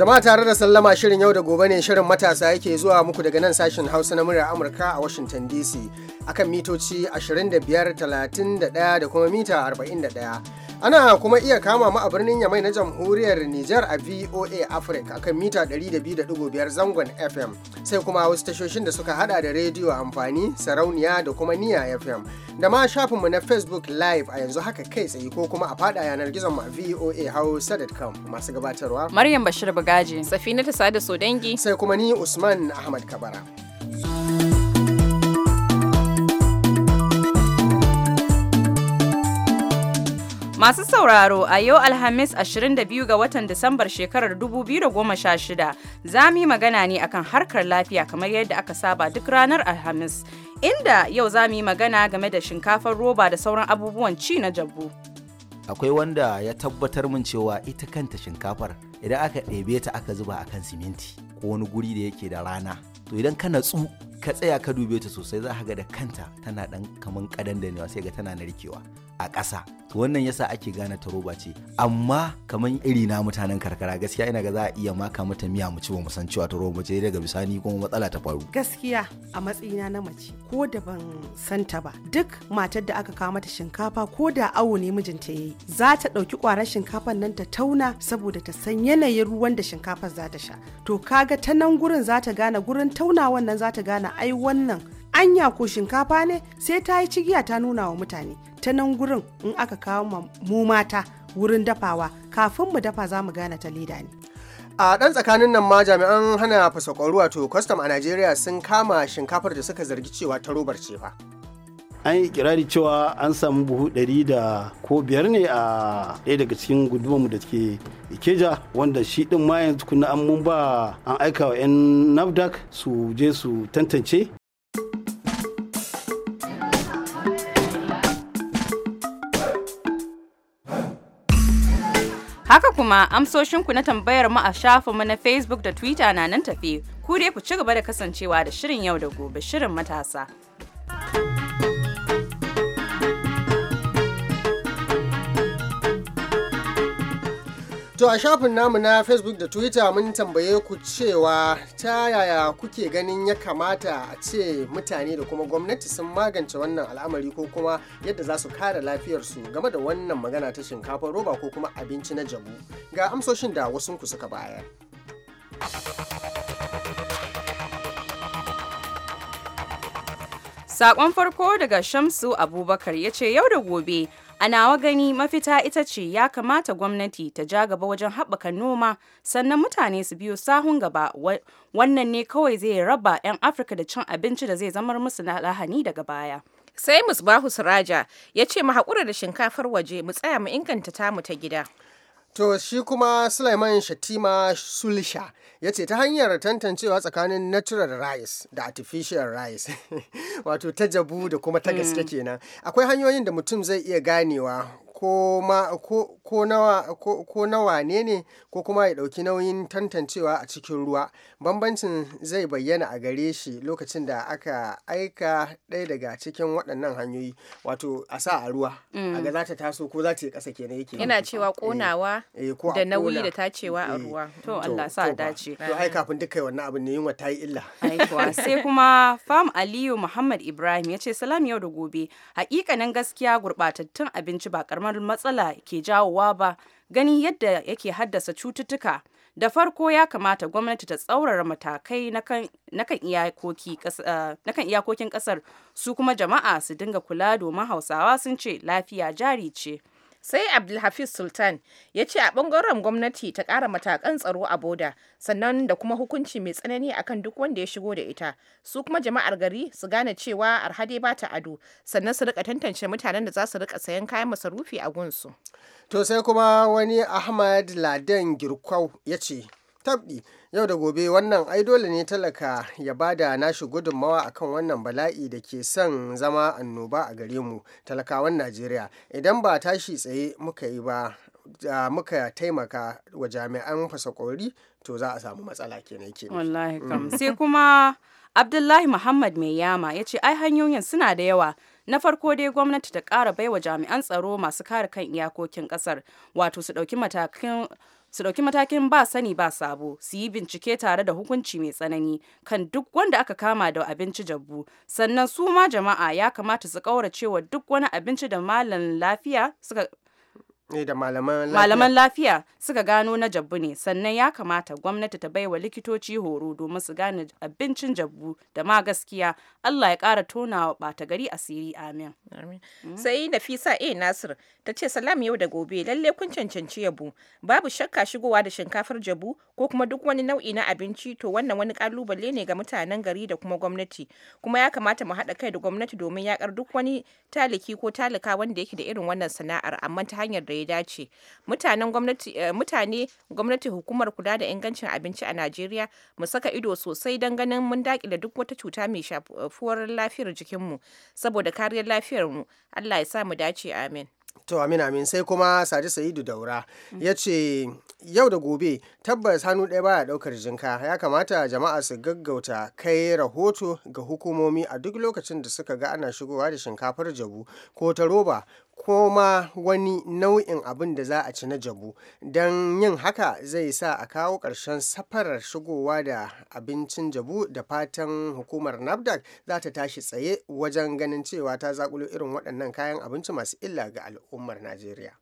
Jama'a tare da sallama shirin yau da gobe ne shirin matasa yake zuwa muku daga nan sashen Hausa na muryar Amurka a Washington DC akan mitoci 25, 31 da kuma mita 41. Ana kuma iya kama mu a birnin Yamai na jamhuriyar Nijar a VOA Africa kan mita 200.5 zangon FM sai kuma wasu tashoshin da suka hada da rediyo amfani sarauniya da kuma niya FM da ma shafinmu na Facebook Live a yanzu haka kai tsaye ko kuma a fada yanar gizon mu a VOA Hausa.com masu gabatarwa. Maryam Bashir Bugaji, Safina so dangi. sai kuma ni Usman Ahmad Kabara. Masu sauraro a yau Alhamis 22 ga watan Disambar shekarar 2016 za mu yi magana ne akan harkar lafiya kamar yadda aka saba duk ranar Alhamis. Inda yau za mu yi magana game da shinkafar roba da sauran abubuwan ci na jabbu. Akwai wanda ya tabbatar min cewa ita kanta shinkafar idan aka ɗebe ta aka zuba a kan siminti ko wani guri da yake da rana. To idan ka natsu ka tsaya ka dube ta sosai za ka ga da kanta tana ɗan kaman ƙadan da sai ga tana narkewa. a ƙasa wannan yasa ake gane ta roba ce amma kamar iri na mutanen karkara gaskiya ina ga za a iya maka mata miya mu ci ba mu san cewa ta roba ce daga bisani kuma matsala ta faru gaskiya a matsayina na mace ko da ban san ta ba duk matar da aka kawo mata shinkafa ko da awo ne mijinta yayi za ta ɗauki ƙwarar shinkafan nan ta tauna saboda ta san yanayin ruwan da shinkafar za ta sha to kaga ta nan gurin za ta gane gurin tauna wannan za ta gane ai wannan anya ko shinkafa ne sai ta yi cigiya ta nuna wa mutane ta nan gurin in aka kawo mu mata wurin dafawa kafin mu dafa za mu gane ta leda ne a ɗan tsakanin nan ma jami'an hana ruwa wato kwastam a najeriya sun kama shinkafar da suka zargi cewa ta robar cewa. an yi kirari cewa an samu buhu ɗari da ko biyar ne a ɗaya daga cikin gudunmu da ke ikeja wanda shi ɗin ma yanzu kuna an mun ba an aika wa 'yan nafdac su je su tantance Haka kuma amsoshinku na tambayar mu a shafinmu na Facebook da Twitter na nan tafi. Ku dai ku ci gaba da kasancewa da shirin yau da gobe shirin matasa. To a shafin namu na Facebook da Twitter mun tambaye ku cewa ta yaya kuke ganin ya kamata a ce mutane da kuma gwamnati sun magance wannan al'amari ko kuma yadda za su kare lafiyarsu game da wannan magana ta shinkafar roba ko kuma abinci na jabu. Ga amsoshin da wasu ku suka bayar. saƙon farko daga Shamsu Abubakar ya ce yau da gobe A nawa gani mafita ita ce ya kamata gwamnati ta ja gaba wajen haɓaka noma sannan mutane su biyo sahun gaba wannan ne kawai zai raba 'yan Afirka da cin abinci da zai zamar musu na lahani daga baya. Sai Musbahu Suraja ya ce mu haƙura da shinkafar waje mu tsaya mu inganta tamu ta gida. To shi kuma Sulaiman Shatima Sulisha, ya ce ta hanyar tantancewa tsakanin natural rice da artificial rice wato ta jabu da kuma ta gaske mm. kenan akwai hanyoyin da mutum zai iya ganewa ko nawa ne ne ko kuma ya ɗauki nauyin tantancewa a cikin ruwa bambancin zai bayyana a gare shi lokacin da aka aika ɗaya daga cikin waɗannan hanyoyi wato a sa a ruwa a mm. ga za ta taso ko za ta yi ƙasa kenan yake yana cewa ƙonawa eh, eh, da nauyi da tacewa a eh, ruwa to Allah sa dace to ai kafin duk kai wannan abin ne yunwa ta yi illa sai kuma fam Aliyu Muhammad Ibrahim ya ce salam yau da gobe haƙiƙanin gaskiya gurɓatattun abinci ba karamar kamar matsala ke jawowa ba ganin yadda yake haddasa cututtuka da farko ya kamata gwamnati ta tsaurara matakai na kan eh, iyakokin kasar su kuma jama'a su dinga kula domin hausawa sun ce lafiya jari ce sai abdulhafiz sultan ya ce a bangaren gwamnati ta kara matakan tsaro a boda sannan da kuma hukunci mai tsanani akan duk wanda ya shigo da ita su kuma jama'ar gari su gane cewa arhade ba ta ado sannan su rika tantance mutanen da za su rika sayan kayan masarufi a gunsu to sai kuma wani ahmad ladan girkwau ya ce tabbi yau da gobe wannan ai dole ne talaka ya bada nashi gudunmawa akan wannan bala'i da ke son zama annoba a gare mu talakawan najeriya idan ba tashi tsaye muka yi ba da muka taimaka wa jami'an fasakori to za a samu matsala ke wallahi kam mm. sai kuma abdullahi muhammad mai yama ya ce ai hanyoyin suna da yawa na farko dai gwamnati ta kara baiwa jami'an tsaro masu kare kan iyakokin kasar wato su dauki matakan su ɗauki matakin ba sani ba sabo su yi bincike tare da hukunci mai tsanani kan duk wanda aka kama da abinci jabbu sannan su ma jama'a ya kamata su ƙauracewa duk wani abinci da malam lafiya suka da malaman lafiya. Malaman lafiya suka gano na jabbu ne sannan ya kamata gwamnati ta baiwa likitoci horo domin su gane abincin jabbu da ma gaskiya Allah ya ƙara tonawa ɓata gari asiri amin. Mm. Sai Nafisa A Nasir ta ce salam yau da gobe lalle kun cancanci yabu babu shakka shigowa da shinkafar jabu ko kuma duk wani nau'i na abinci to wannan wani kalubale ne ga mutanen gari da kuma gwamnati kuma ya kamata mu haɗa kai da gwamnati domin yakar duk wani taliki ko talika wanda yake da irin wannan sana'ar amma ta hanyar da ya dace eh, mutane gwamnati hukumar kula da ingancin abinci a Najeriya mu saka ido sosai don ganin mun dakile duk wata cuta mai shafuwar lafiyar jikinmu saboda kariyar lafiyar mu Allah ya sa mu dace amin To amin amin sai kuma saji Sa'idu Daura yace yau da gobe tabbas hannu ɗaya baya ɗaukar jinka ya kamata jama'a su gaggauta kai rahoto ga hukumomi a duk lokacin da suka ga ana shigowa da shinkafar jabu ko ta roba Koma wani nau'in abin da za a ci na jabu don yin haka zai sa a kawo ƙarshen safarar shigowa da abincin jabu da fatan hukumar nafdac za ta tashi tsaye wajen ganin cewa ta zaƙulo irin waɗannan kayan abinci masu illa ga al'ummar najeriya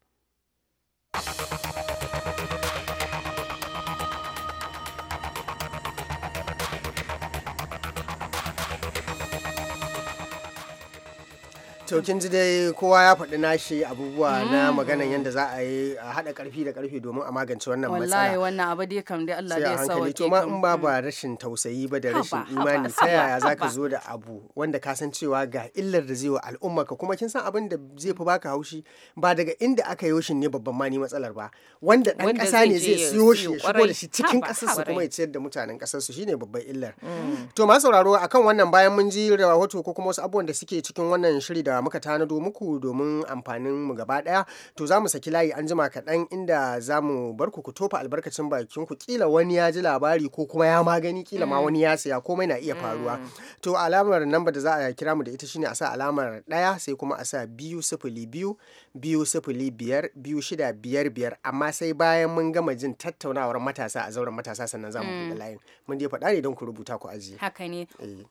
to kin dai kowa ya faɗi nashi abubuwa na mm. maganan yadda za a yi a haɗa ƙarfi da ƙarfi domin a magance wannan matsala wallahi wannan abu dai kam dai Allah ya sa wake to ma in ba mm. ba rashin tausayi ba da rashin imani ta yaya zaka zo da abu wanda ka san cewa ga illar da zai wa al'umma ka kuma kin san abin da zai fi baka haushi ba daga inda aka yi shi ne babban mani matsalar ba wanda dan ƙasa ne zai siyo shi shigo da shi cikin ƙasar su kuma ya ciyar da mutanen ƙasar su shine babban illar mm. to ma sauraro akan wannan bayan mun ji rahoto ko kuma wasu abubuwan da suke cikin wannan shiri da muka tanado muku domin amfanin mu gaba daya to za mu saki layi an jima kaɗan inda za mu bar ku tofa albarkacin bakin ku kila wani ya ji labari ko kuma ya magani kila ma mm. wani ya saya komai na iya faruwa mm. to alamar namba da za a kira mu da ita shine a sa alamar ɗaya sai kuma a sa biyu sifili biyu biyu sifili biyar biyu shida biyar biyar amma sai bayan mun gama jin tattaunawar matasa a zauren matasa sannan za mu buɗe mm. layin mun je faɗa ne don ku rubuta ku ajiye haka ne eh.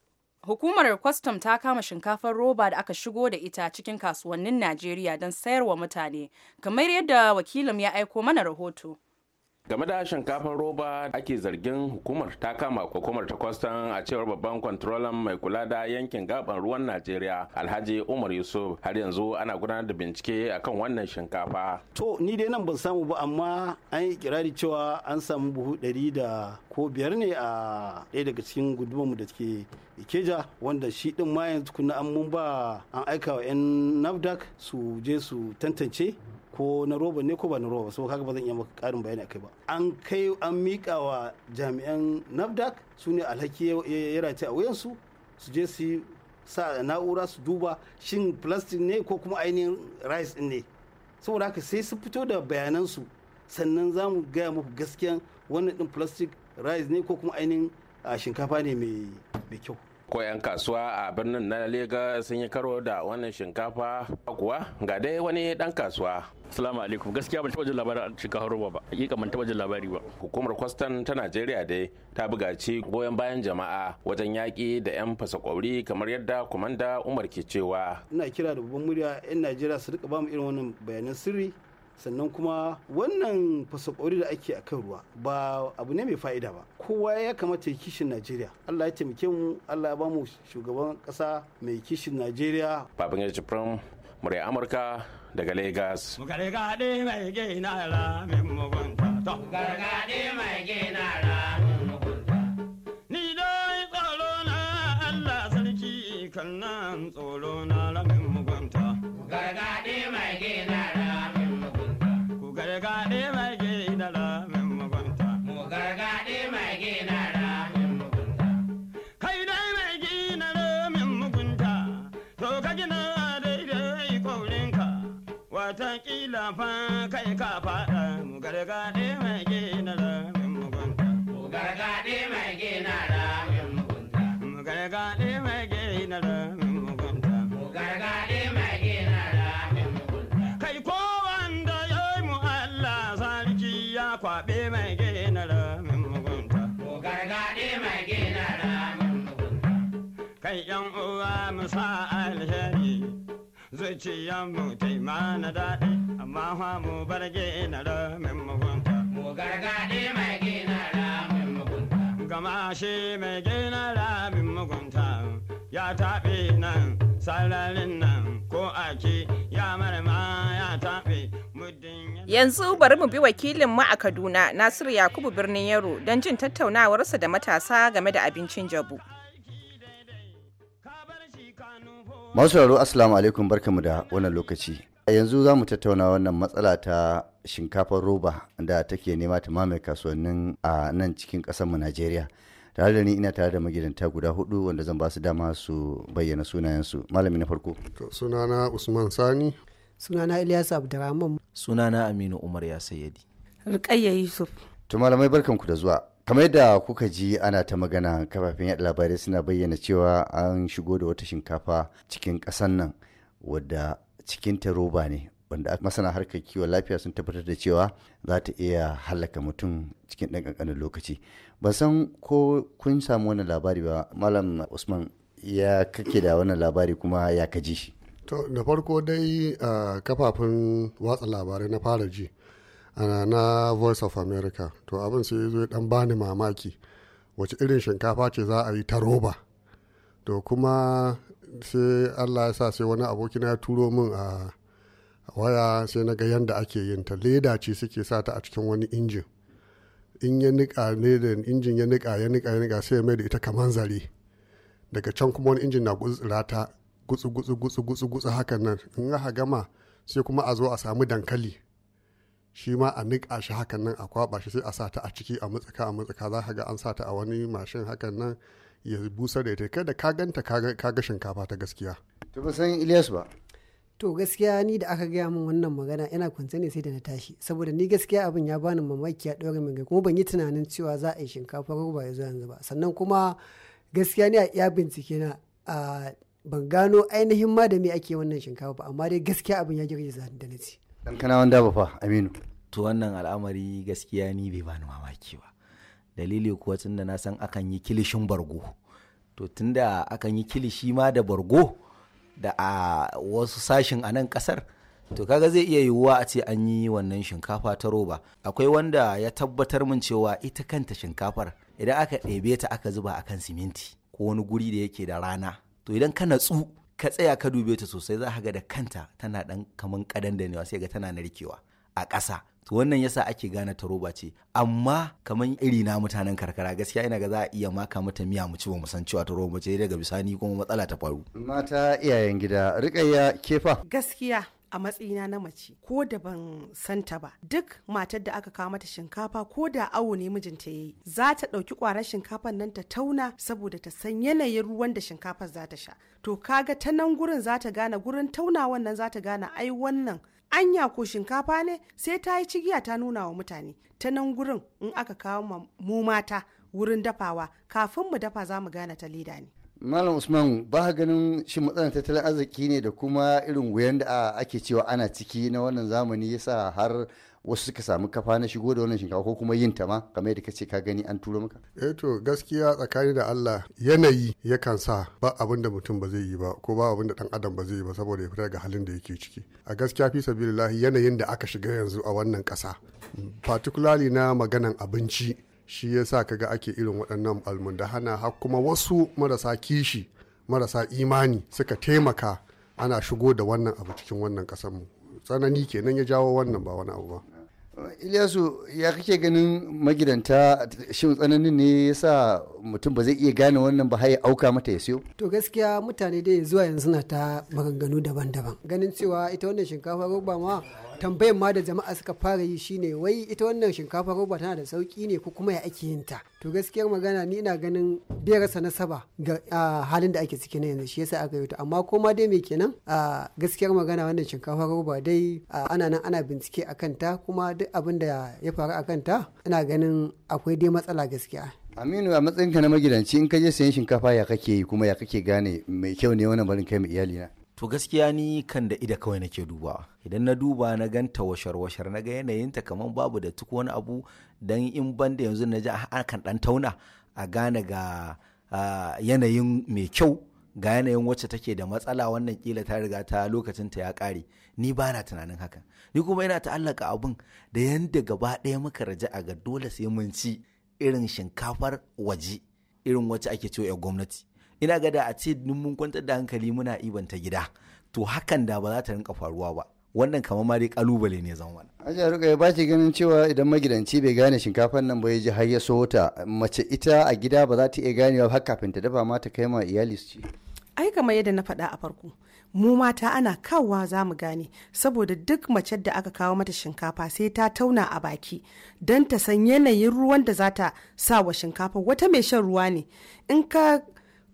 Hukumar kwastam ta kama shinkafar roba da aka shigo da ita cikin kasuwannin Najeriya don sayarwa mutane, kamar yadda wakilin ya aiko mana rahoto. game da shinkafar roba ake zargin hukumar ta kama hukumar ta kwastan a cewar babban kwantrolan mai kula da yankin gaban ruwan najeriya alhaji umar yusuf har yanzu ana gudanar da bincike akan wannan shinkafa to ni dai nan ban samu ba amma an yi kirari cewa an samu buhu ɗari da ko biyar ne a ɗaya daga cikin gudunmu da ke ikeja wanda shi din ma yanzu kuna an mun ba an aika wa 'yan nafdak su je su tantance ko na roba ne ko ba na roba so kaga ba zan iya maka karin bayani akai ba an kai an mika wa jami'an nafdak su ne alhaki ya race a wuyansu su je su sa na'ura su duba shin plastic ne ko kuma ainihin rice din ne saboda haka sai su fito da bayanansu sannan za mu gaya muku gaskiyan wannan din plastic rice ne ko kuma ainihin shinkafa ne mai kyau ko 'yan kasuwa a birnin na Legas sun yi karo da wannan shinkafa kuwa ga dai wani dan kasuwa. Salamu alaikum gaskiya ban taɓa jin labarin a roba ba yi ban taɓa jin labari ba. Hukumar kwastan ta Najeriya dai ta bugaci goyon bayan jama'a wajen yaƙi da 'yan fasakwauri kamar yadda kumanda Umar ke cewa. Ina kira da babban murya 'yan Najeriya su rika bamu irin wannan bayanan sirri sannan kuma wannan fasakori da ake a kan ruwa ba abu ne mai fa'ida ba kowa ya kamata ya kishin najeriya allah ya taimake mu allah ya ba shugaban kasa mai kishin najeriya babin yaji jibrin murya amurka daga lagos gargaɗe mai gina ra mai mugunta ce zuciyanmu ta ma na daɗi amma fa mu bar gina min mugunta. Mu gargaɗi mai gina da min mugunta. Gama shi mai gina da min mugunta ya taɓe nan sararin nan ko ake ya marma ya taɓe muddin Yanzu bari mu bi wakilin mu a Kaduna Nasiru Yakubu birnin Yaro don jin tattaunawarsa da matasa game da abincin jabu. masu sauraro assalamu alaikum barkamu da wannan lokaci yanzu za mu tattauna wannan matsala ta shinkafar roba da take nema ta mamaye kasuwannin a nan cikin mu najeriya tare da ni ina tare da magidanta guda hudu wanda zan ba su dama su bayyana sunayensu malami na farko sunana usman sani sunana ilyas abdurrahman sunana aminu umar ya sayyadi rikayya yusuf to malamai barkanku da zuwa kamar yadda kuka ji ana ta magana kafafen yada labarai suna bayyana cewa an shigo da wata shinkafa cikin ƙasan nan wadda cikinta roba ne wanda masana harkar kiwon lafiya sun tabbatar da cewa za ta iya halaka mutum cikin ɗan ƙanƙanin lokaci ba san ko kun samu wani labari ba malam usman ya kake da wani labari kuma ya kaji shi to da farko dai ah, kafafen watsa labarai na fara ji na voice of america to abin sai ya zo dan bani mamaki wace irin shinkafa ce za a yi ta roba to kuma sai allah ya sa sai wani abokina ya turo min a waya sai na ga yadda ake yin ta leda ce suke sa ta a cikin wani injin in ya nika ledan injin ya nika ya nika ya nika sai ya mai da ita kaman zare daga can kuma wani injin na gutsura ta gutsu gutsu gutsu gutsu gutsu hakan nan in aka gama sai kuma a zo a samu dankali shi ma a niƙa shi hakan nan a kwaba shi sai a sa ta a ciki a mutsaka a mutsaka za ka ga an sa ta a wani mashin hakan nan ya busar da ita kada ka ganta ka ga shinkafa ta gaskiya. to ba san Ilyas ba. to gaskiya ni da aka gaya min wannan magana yana kwance ne sai da na tashi saboda ni gaskiya abin ya bani mamaki ya ɗora min kuma ban yi tunanin cewa za a yi shinkafa roba ya zo yanzu ba sannan kuma gaskiya ni a iya bincike na ban gano ainihin ma da me ake wannan shinkafa ba amma dai gaskiya abin ya girgiza da na kankanawan daba fa aminu to wannan al'amari gaskiya ni bai bani mamaki ba dalili kuwa tun da na san akan yi kilishin bargo to tun da akan yi kilishi ma da bargo da a wasu sashin a nan kasar to kaga zai iya yiwuwa a ce an yi wannan shinkafa ta roba akwai wanda ya tabbatar min cewa ita kanta shinkafar idan aka ɗebe ta aka zuba akan siminti ko wani guri da yake da rana to idan ka natsu ka tsaya ka dube ta sosai za ka ga da kanta tana dan kaman kadan da newa sai ga tana narkewa a ƙasa to wannan yasa ake gane ta roba ce amma kaman iri na mutanen karkara gaskiya ina ga za a iya maka mata miya mu ci ba mu san cewa ta roba ce daga bisani kuma matsala ta faru mata iyayen gida riƙayya kefa gaskiya a matsayina na mace ko da ban san ta ba duk matar da aka kawo mata shinkafa ko da awo ne mijinta yayi za ta ɗauki ƙwarar shinkafar nan ta tauna saboda ta san yanayin ruwan da shinkafar za ta sha to kaga ta nan gurin za ta gane gurin tauna wannan za ta gane ai wannan anya ko shinkafa ne sai ta yi cigiya ta nuna wa mutane ta nan gurin in aka kawo mu mata wurin dafawa kafin mu dafa za mu gane ta leda ne Malam Usman ba ganin shi matsalar tattalin arziki ne da kuma irin wuyan da ake cewa ana ciki na wannan zamani yasa har wasu suka samu kafa na shigo da wannan shinkafa ko kuma yin ta ma kamar yadda kace ka gani an turo maka eh to gaskiya tsakani da Allah yanayi yakan sa ba abin da mutum ba zai yi ba ko ba abin da dan adam ba zai yi ba saboda ya fita daga halin da yake ciki a gaskiya fi sabilillahi yanayin da aka shiga yanzu a wannan kasa particularly na maganan abinci shi ya yasa ga ake irin waɗannan almundahana har kuma wasu marasa kishi marasa imani suka taimaka ana shigo da wannan abu cikin wannan mu tsanani kenan ya jawo wannan ba wani abu ba Ilyasu ya kake ganin magidanta shin tsananin ne ya sa mutum ba zai iya gane wannan ba ya auka mata ya siyo? To gaskiya mutane dai zuwa yanzu na ta maganganu daban-daban. Ganin cewa ita wannan shinkafa roba ma tambayan ma da jama'a suka fara yi shine wai ita wannan shinkafa roba tana da sauki ne ko kuma ya ake yin ta to gaskiyar magana ni ina ganin biyarsa na saba ga halin da ake ciki na yanzu shi yasa aka yi ta amma ma dai me kenan gaskiyar magana wannan shinkafa roba dai ana nan ana bincike a kanta kuma duk abin da ya faru a kanta ina ganin akwai dai matsala gaskiya aminu a matsayinka na magidanci in ka je sayan shinkafa ya kake yi kuma ya kake gane mai kyau ne wannan barin kai mai iyali na to gaskiya ni kan da ida kawai nake duba idan na duba na ganta washar-washar na ga yanayinta kamar babu da tuk wani abu dan in banda yanzu na ji a kan ɗan tauna a gane ga yanayin mai kyau ga yanayin wacce take da matsala wannan kila ta riga ta lokacin ta ya kare ni ba na tunanin hakan ni kuma ina ta'allaka abun da yanda gaba ɗaya muka raja a ga dole sai mun ci irin shinkafar waje irin wacce ake cewa gwamnati ina ga da a ce mun kwantar da hankali muna ibanta gida to hakan da ba za ta rinka faruwa ba wannan kamar ma dai kalubale ne zama wani. a Ruka ya ki ganin cewa idan magidanci bai gane shinkafar nan ba ya ji har ya so ta mace ita a gida ba za ta iya ganewa har kafin ta dafa ma ta kai ma iyali su ci. Ai kamar yadda na faɗa a farko mu mata ana kawwa za mu gane saboda duk mace da aka kawo mata shinkafa sai ta tauna a baki don ta san yanayin ruwan da za ta sa wa shinkafa wata mai shan ruwa ne in ka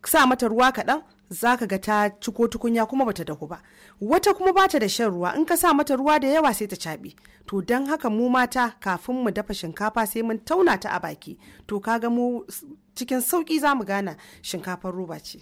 sa mata ruwa kaɗan zaka ga ta ciko tukunya kuma bata dahu ba wata kuma bata da shan ruwa in ka sa mata ruwa da yawa sai ta caɓe to don haka mu mata kafin mu dafa shinkafa sai mun tauna ta a baki to kaga mu cikin sauki za mu gana shinkafar roba ce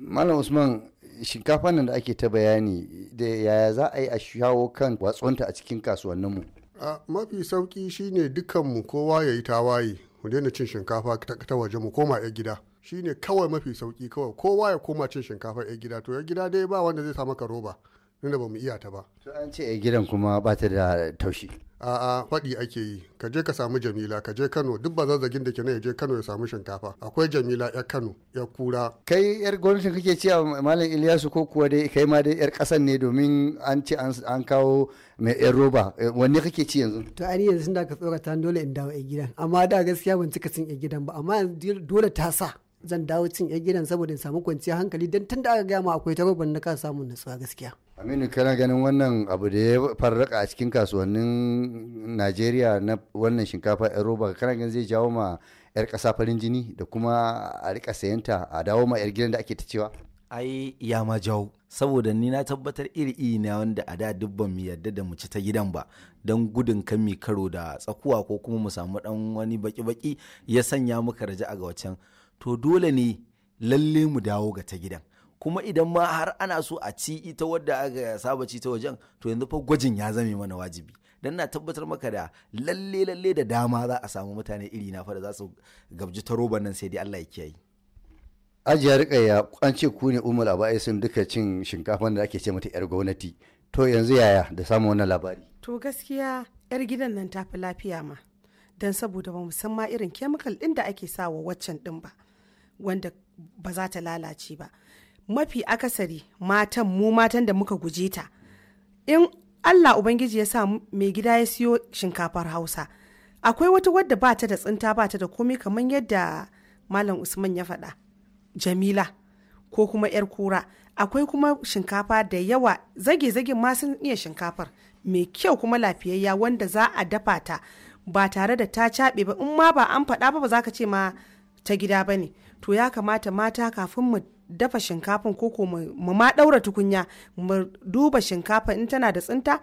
malam usman shinkafa nan da ake ta bayani da yaya za a yi a shawo kan watsonta a cikin kasuwanninmu a mafi sauki shine dukkanmu kowa ya yi tawaye mu daina cin shinkafa ta waje mu koma ya gida shine kawai mafi sauki kawai kowa ya koma cin shinkafa a gida to ya gida dai ba wanda zai samu maka roba tunda ba mu iya ta ba to an ce a gidan kuma ba ta da taushi a'a faɗi ake yi ka je ka samu jamila ka je kano duk ba zazzagin da ke nan ya je kano ya samu shinkafa akwai jamila ya kano ya kura kai yar gwamnatin kake ce malam iliyasu ko kuwa dai kai ma dai yar kasan ne domin an ce an kawo mai yar roba wanne kake ci yanzu to ani yanzu da ka tsorata dole in dawo a gidan amma da gaskiya ban cika sun a gidan ba amma dole ta sa zan dawo cin yan gidan saboda in samu kwanciyar hankali don tun da aka gaya ma akwai ta na ka samun nutsuwa gaskiya aminu kana ganin wannan abu da ya farraka a cikin kasuwannin najeriya na wannan shinkafa yan roba kana ganin zai jawo ma yar kasa farin jini da kuma a rika sayanta a dawo ma yar gidan da ake ta cewa ai ya ma jawo saboda ni na tabbatar iri iri na wanda a da dubban mu yarda da mu ci ta gidan ba don gudun kan mi karo da tsakuwa ko kuma mu samu dan wani baki baki ya sanya muka raja a ga wacan to dole ne lalle mu dawo ga ta gidan kuma idan ma har ana so a ci ita wadda aka saba ci ta wajen to yanzu fa gwajin ya zame mana wajibi dan na tabbatar maka da lalle lalle da dama za a samu mutane iri na fa da za su gabji ta roban nan sai dai Allah ya kiyaye ajiya rikaya an ce ku ne umar abai sun duka cin shinkafan da ake ce mata yar gwamnati to yanzu yaya da samu wannan labari to gaskiya yar gidan nan tafi lafiya ma dan saboda ba mu san ma irin kemikal din da ake sawa waccan din ba wanda ba za ta lalace ba mafi akasari matan mu matan da muka guje ta in allah ubangiji ya sa mai gida ya siyo shinkafar hausa akwai wata wadda ba ta da tsinta ba ta da komai kamar yadda malam usman ya faɗa jamila ko kuma yar kura akwai kuma shinkafa da yawa zage-zage ma sun iya shinkafar mai kyau kuma lafiyayya wanda za a dafa ta ba tare da ta caɓe ba in ma ba an faɗa ba ba za ka ce ma ta gida ba ne to ya kamata mata kafin mu dafa shinkafin koko mu ma daura tukunya mu duba shinkafa in tana da tsinta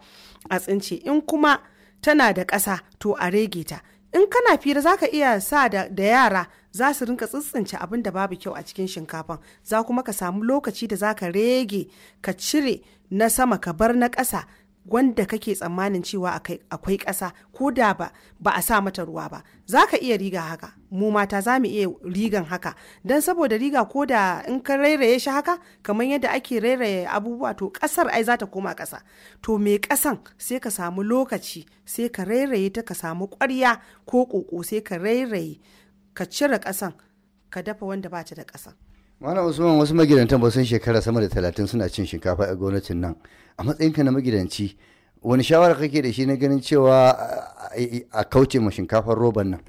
a tsince in kuma tana da ƙasa to a rege ta in kana fira za ka iya sa da, yara za su rinka tsintsince abin da babu kyau a cikin shinkafan za kuma ka samu lokaci da za ka rege ka cire na sama ka bar na ƙasa wanda kake tsammanin cewa akwai ƙasa ko da ba a sa mata ruwa ba za ka iya riga haka mu mata za mu iya rigan haka don saboda riga ko da in ka rairaye shi haka kamar yadda ake rairaye abubuwa to ƙasar ai za ta koma ƙasa to me ƙasan sai ka samu lokaci sai ka rairaye ta ka samu ƙwarya ko ƙoƙo sai ka rairaye ka cire ƙasan ka dafa wanda ba ta da ƙasan. Malam Usman wasu magidantan ba sun shekara sama da talatin suna cin shinkafa a gwamnatin nan. a matsayinka na magidanci wani shawara kake da shi na ganin cewa a kauce ma shinkafar roban nan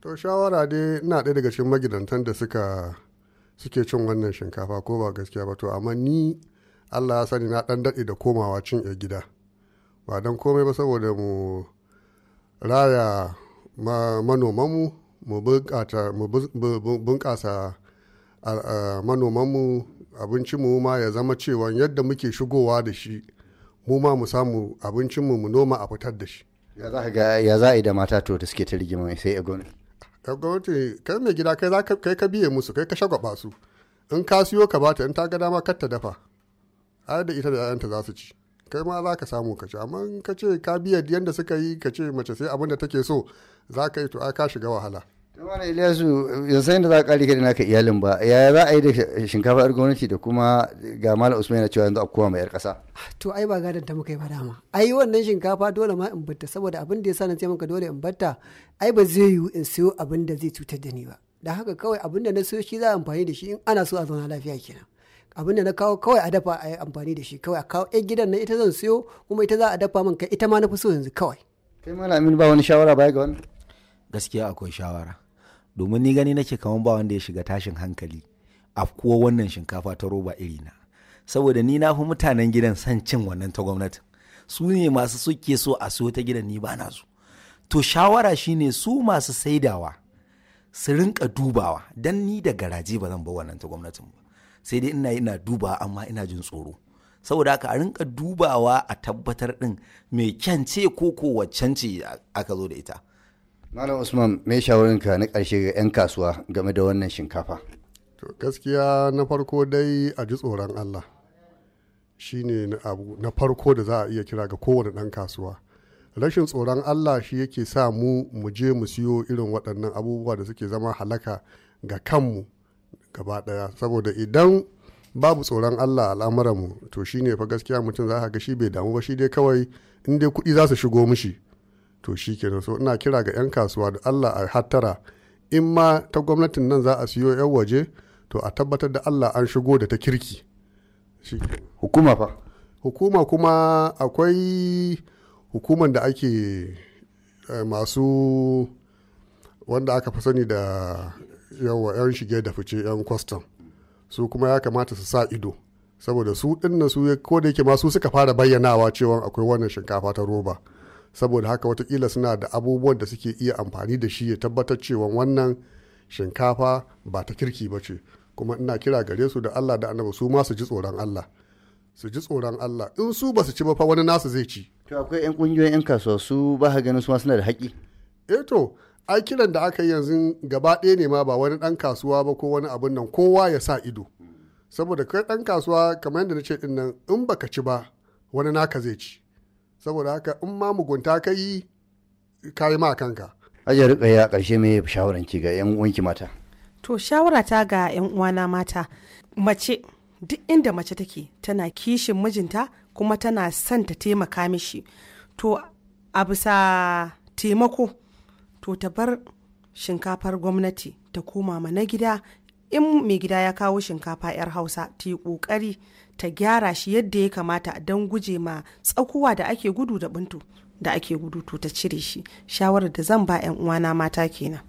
to shawara dai ina ɗaya daga cikin magidantan da suka suke cin wannan shinkafa ko ba gaskiya ba to amma ni allah ya sani na ɗan daɗe da komawa cin ya gida ba don komai ba saboda mu raya manomanmu mu bunƙasa manomanmu abinci mu ma ya zama cewa yadda muke shigowa da shi mu ma mu samu abincin mu mu noma a fitar da shi ya za ga ya za a yi da mata to da suke ta rigima sai ya gwamnati ya gwamnati kai mai gida kai za kai ka biye musu kai ka shagwaba su in ka siyo ka bata in ta ga dama kar ta dafa a da ita da 'ya'yanta za su ci kai ma za ka samu ka ci amma in ka ce ka biya yadda suka yi ka ce mace sai abin da take so za ka yi to a ka shiga wahala tumana ilyasu yanzu da za a kare ka naka iyalin ba yaya za a yi da shinkafa yar gwamnati da kuma ga malam usman yana cewa yanzu a kowa mai yar kasa to ai ba gadon ta muka yi ba dama ai wannan shinkafa dole ma in batta saboda abin da ya sa na ce maka dole in batta ai ba zai yiwu in siyo abin da zai cutar da ni ba da haka kawai abin da na siyo shi za a amfani da shi in ana so a zauna lafiya kenan abin da na kawo kawai a dafa a yi amfani da shi kawai a kawo yan gidan na ita zan siyo kuma ita za a dafa min kai ita ma na fi so yanzu kawai kai malamin ba wani shawara baya ga wani gaskiya akwai shawara domin ni gani nake kamar ba wanda ya shiga tashin hankali a kuwa wannan shinkafa ta roba iri na saboda ni na fi mutanen gidan san cin wannan ta gwamnati su ne masu suke so a siyo ta gidan ni ba na su to shawara shine su masu saidawa su rinka dubawa dan ni da garaje ba zan ba wannan ta gwamnatin ba sai dai ina ina dubawa amma ina jin tsoro saboda haka a rinka dubawa a tabbatar din mai kyance ce ko ko waccan ce aka zo da ita Malam Usman, me ka na ƙarshe ga 'yan kasuwa game da wannan shinkafa? To gaskiya na farko dai a ji tsoron Allah. Shi ne na farko da za a iya kira ga kowane ɗan kasuwa. Rashin tsoron Allah shi yake sa mu mu je mu siyo irin waɗannan abubuwa da suke zama halaka ga kanmu gaba ɗaya. Saboda idan babu tsoron Allah mu to shi ne fa gaskiya mutum za ka ga shi bai damu ba shi dai kawai in dai kuɗi za su shigo mishi to shi ke so ina kira ga 'yan kasuwa da allah a hattara in ma ta gwamnatin nan za a siyo 'yan waje to a tabbatar da allah an shigo da ta kirki hukuma fa hukuma kuma akwai hukuman da ake eh, masu wanda aka fi sani da yawa 'yan shige da fice 'yan kwastam su kuma ya kamata su sa ido saboda su ɗin su ko da yake masu suka fara bayyanawa cewa akwai wannan shinkafa ta roba saboda haka watakila suna da abubuwan da suke iya amfani da shi ya tabbatar cewa wannan shinkafa ba ta kirki ba ce kuma ina kira gare su da allah da annabi su ma su ji tsoron allah su ji tsoron allah in su ba su ci ba fa wani nasu zai ci to akwai yan kungiyoyin yan kasuwa su ba ha ganin su ma suna da haƙi eh to ai kiran da aka yi yanzu gaba ɗaya ne ma ba wani ɗan kasuwa ba ko wani abin nan kowa ya sa ido saboda kai ɗan kasuwa kamar yadda na ce ɗin nan in baka ci ba wani naka zai ci saboda haka in ma mugunta ka yi ka yi ma kanka ajiya rika ya karshe me shawaranki ga yan uwanki mata to shawara ta ga yan uwana mata mace duk inda mace take tana kishin mijinta kuma tana son ta taimaka mishi to a bisa taimako to ta bar shinkafar gwamnati ta koma mana gida in mai gida ya kawo shinkafa 'yar hausa ta yi ƙoƙari ta gyara shi yadda ya kamata a don guje ma tsakuwa da ake gudu da bintu da ake gudu to ta cire shi shawarar da zan ba 'yan uwana mata kenan.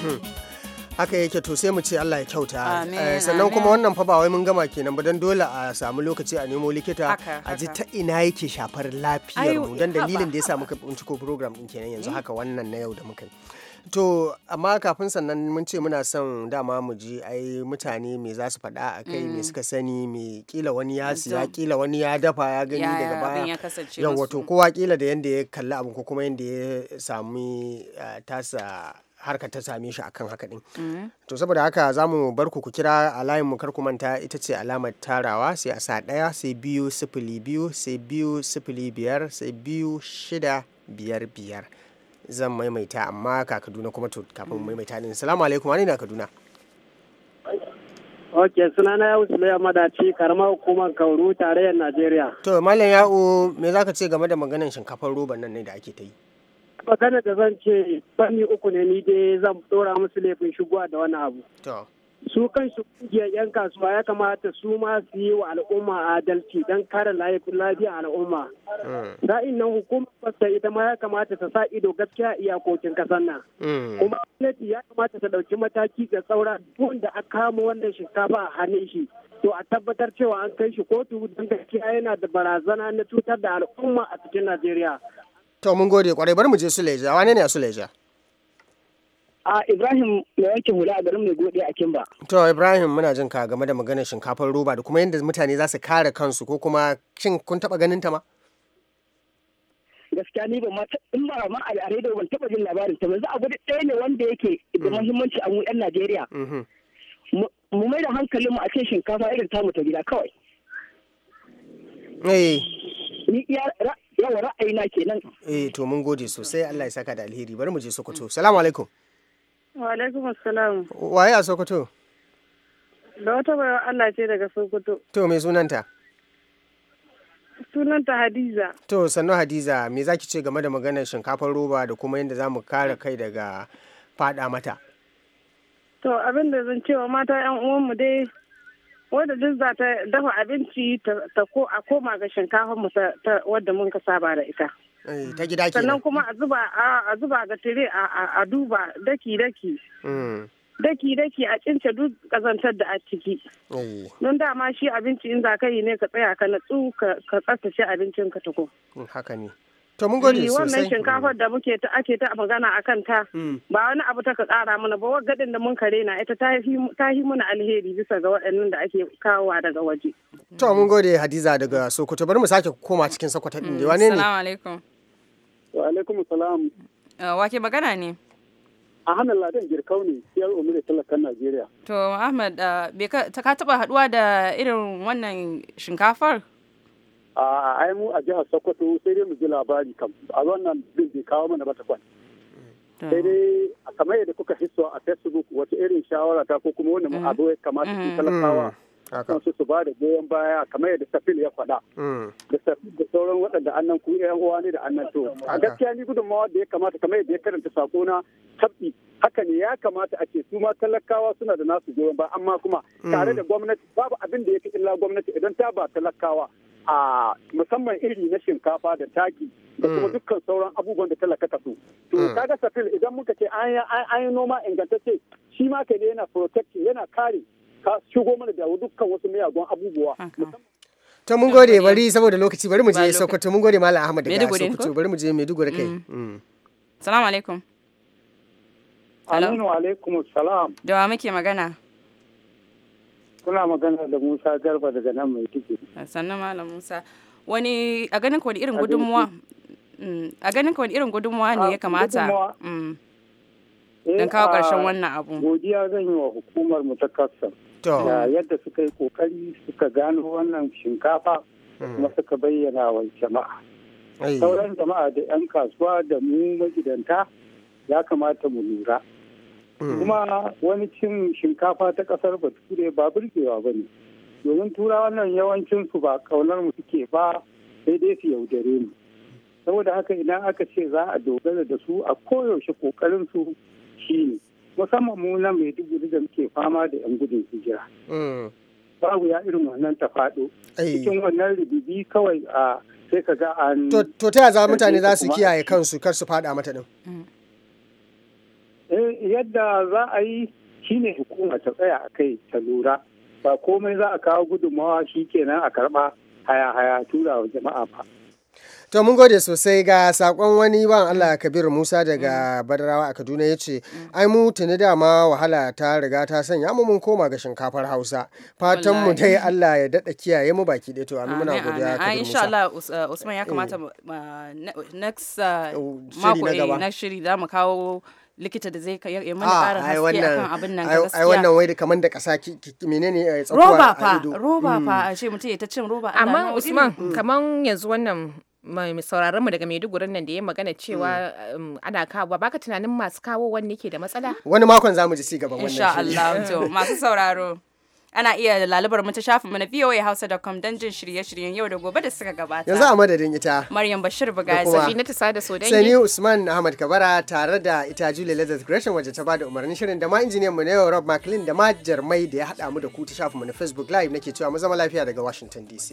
Hmm. haka yake to sai mu ce Allah ya kyauta eh, sannan kuma wannan fa ba wai mun gama kenan ba don dole a samu lokaci a nemo likita a ji ta ina yake shafar lafiyar mu don dalilin da ya sa muka binciko program din kenan yanzu hmm. haka wannan na yau da muka yi To amma kafin sannan mun ce muna son dama mu ji ai mutane me za su faɗa a kai me mm. suka sani me kila wani ya siya kila wani ya dafa ya gani daga baya. Ya wato kowa kila da yanda ya kalli abin ko kuma yanda ya sami tasa harkar ta same shi akan haka din. Mm. To saboda haka za mu bar ku kira a layin mu kar ku manta ita ce alamar tarawa sai a sa ɗaya sai biyu sifili biyu sai biyu sifili biyar sai biyu shida biyar biyar. zan maimaita amma ka kaduna kuma to kafin mm. maimaita ne salamu alaikum wani na kaduna ok sunana su laya madaci karamar hukumar kauru tarayyar najeriya to malam yawo me zaka ce game da maganar shinkafar roban nan ne da ake ta yi maganar da zan ce fanni uku ne ni dai zan dora musu laifin shigowa da wani abu su kansu kungiyar 'yan kasuwa ya kamata su ma su yi wa al'umma adalci don kare lafiyar al'umma. Hmm. Sa'in nan hukumar fasta ita ma ya kamata ta sa ido gaskiya iyakokin kasar nan. Hmm. Kuma gwamnati ya kamata ta ɗauki mataki ga saura da aka kama wannan shinkafa a hannun shi. To a tabbatar cewa an kai shi kotu don gaskiya yana da barazana na cutar da al'umma a cikin Najeriya. To mun gode kwarai bari mu je leja wane ne a leja? a ibrahim mai wanke hula a garin mai gode a kimba to ibrahim muna jin ka game da maganar shinkafar roba da kuma yadda mutane za su kare kansu ko kuma shin kun taba ganin ta ma gaskiya ni ba in ba ma a da ban taba jin labarin ta yanzu gudu ɗaya ne wanda yake da mm. muhimmanci a mu najeriya mm-hmm. mu mai da hankali mu a ce shinkafa irin tamu ta gida kawai eh ni iya yawa ra'ayina kenan eh to mun gode sosai Allah ya saka da alheri bari mu je Sokoto salamu alaikum Wa assalam. Waye a Sokoto? Da wata bayan Allah ce daga Sokoto. To me sunanta? Sunanta Hadiza. To sannu Hadiza, me za ki ce game da maganar shinkafar roba da kuma yadda za mu kare kai daga fada mata? To abin da zan cewa mata 'yan uwanmu dai wadda duk za ta dafa abinci ta ko a koma ga shinkafar mu wadda mun ka saba da ita. Eh, ta gida ke sannan kuma a zuba a zuba ga tire a duba daki daki hmm. daki daki a cince duk kazantar da a ciki oh. don dama shi abinci in za ka yi ne ka tsaya ka natsu ka tsaftace abincin ka tuko hmm, haka ne To mun gode eh, sosai. Wannan shinkafar da muke ta ake ta magana a ta hmm. ba wani abu ta ka kara mana ba gadin da mun kare na ita ta yi mana alheri bisa ga waɗannan da ake kawowa daga waje. To mun gode Hadiza daga Sokoto bari mu sake koma cikin Sokoto din dai wane ne? Assalamu alaikum. Wa alaikum salam. Eh, Wake magana ne? Ahmed Ladan Girkau ne, siyar umar talakan Najeriya. To, Ahmed, eh, ka taba haduwa da irin wannan shinkafar? A mu a jihar Sokoto sai dai mu ji labari kam, a wannan bin bai kawo mana ba ta kwan. Sai dai a kamar yadda kuka hisso a Facebook wata irin shawara ta ko kuma wani mm. abu ya kamata su mm. talakawa. Mm. su su ba da goyon baya kamar yadda safil ya faɗa mm. da sauran waɗanda annan ku yan uwa ne da annan to a gaskiya ni gudunmawa da ya kamata kamar yadda ya karanta sako na tabbi haka ne ya kamata a ce su ma talakawa suna da nasu goyon ba amma kuma mm. tare da gwamnati babu abin da ya fi illa gwamnati idan ta ba talakawa a musamman iri na shinkafa da taki da kuma mm. dukkan sauran abubuwan da talaka ta so to kaga safil idan muka ce an yi noma ingantacce shi ma ka ne yana protecting yana kare ka shigo mana da dukkan wasu miyagun abubuwa ta mun gode bari saboda lokaci bari mu je Sokoto mun gode Malam Ahmad daga Sokoto bari mu je Maiduguri kai Assalamu mm. mm. alaikum Aminu alaikum salam da wa muke magana kuna magana da Musa Garba daga nan mai tiki ah, sannan Malam Musa wani a ganin ka wani irin gudunmuwa mm. a ganin ka wani irin gudunmuwa ne ya ah, kamata eh, don kawo ah, ƙarshen wannan abu godiya zan yi wa hukumar mu ta kasar yadda suka yi kokari suka gano wannan shinkafa hmm. kuma suka bayyana wa jama'a sauran jama'a da 'yan kasuwa da mu magidanta ya kamata mu lura hmm. kuma wani cin shinkafa ta kasar bature ba burgewa ba ne domin wannan yawancin su ba kaunar mu suke ba sai dai su yaudare mu saboda haka idan aka ce za a dogara da su a koyaushe kokarin su ne. musamman mu na maiduguri da muke fama da yan gudun hijira mm. babu ya irin wannan ta faɗo cikin wannan rububi kawai a sai ka ga an to ta za mutane za su kiyaye kansu kar su faɗa mata ɗin. Mm. Eh, yadda za a yi shine hukuma ta tsaya a kai ta lura ba komai za a kawo gudunmawa shi kenan a karɓa haya haya tura wa jama'a ba to mun gode sosai ga sakon wani ban mm. Allah Kabir Musa daga mm. Badarawa a Kaduna ya ce mm. ai mu tuni dama wahala ta riga ta sanya mu mun koma ga shinkafar Hausa fatan mu dai Allah ya dada kiyaye mu baki dai to amin muna godiya Kabir Musa insha Allah uh, Usman ya eh. kamata uh, next uh, mako na eh, shiri za mu kawo likita da zai yi mana ah, ƙarin haske akan abin nan gaskiya ai wannan wai da kaman da ƙasa menene eh, tsakuwa roba fa roba fa a ce mutum ya ta cin roba amma Usman kaman yanzu wannan mai sauraron mu daga Maiduguri nan da ya magana cewa mm. um, ana kawo baka tunanin masu kawo wani ke da matsala wani makon zamu ji ci gaba wannan insha Allah to masu sauraro ana iya lalubar mu ta shafin mu na voahouse.com don jin shirye-shiryen yau da gobe da suka gabata. Yanzu a madadin ita. Maryam Bashir Bugaji. Safina Sada Sodangi. Sani Usman Ahmad Kabara tare da ita Julie Lazarus Gresham waje ta bada umarnin shirin da ma injiniyan mu na yau Rob McLean da ma Jarmai da ya haɗa mu da ku ta shafin mu na Facebook Live nake cewa mu zama lafiya daga Washington DC.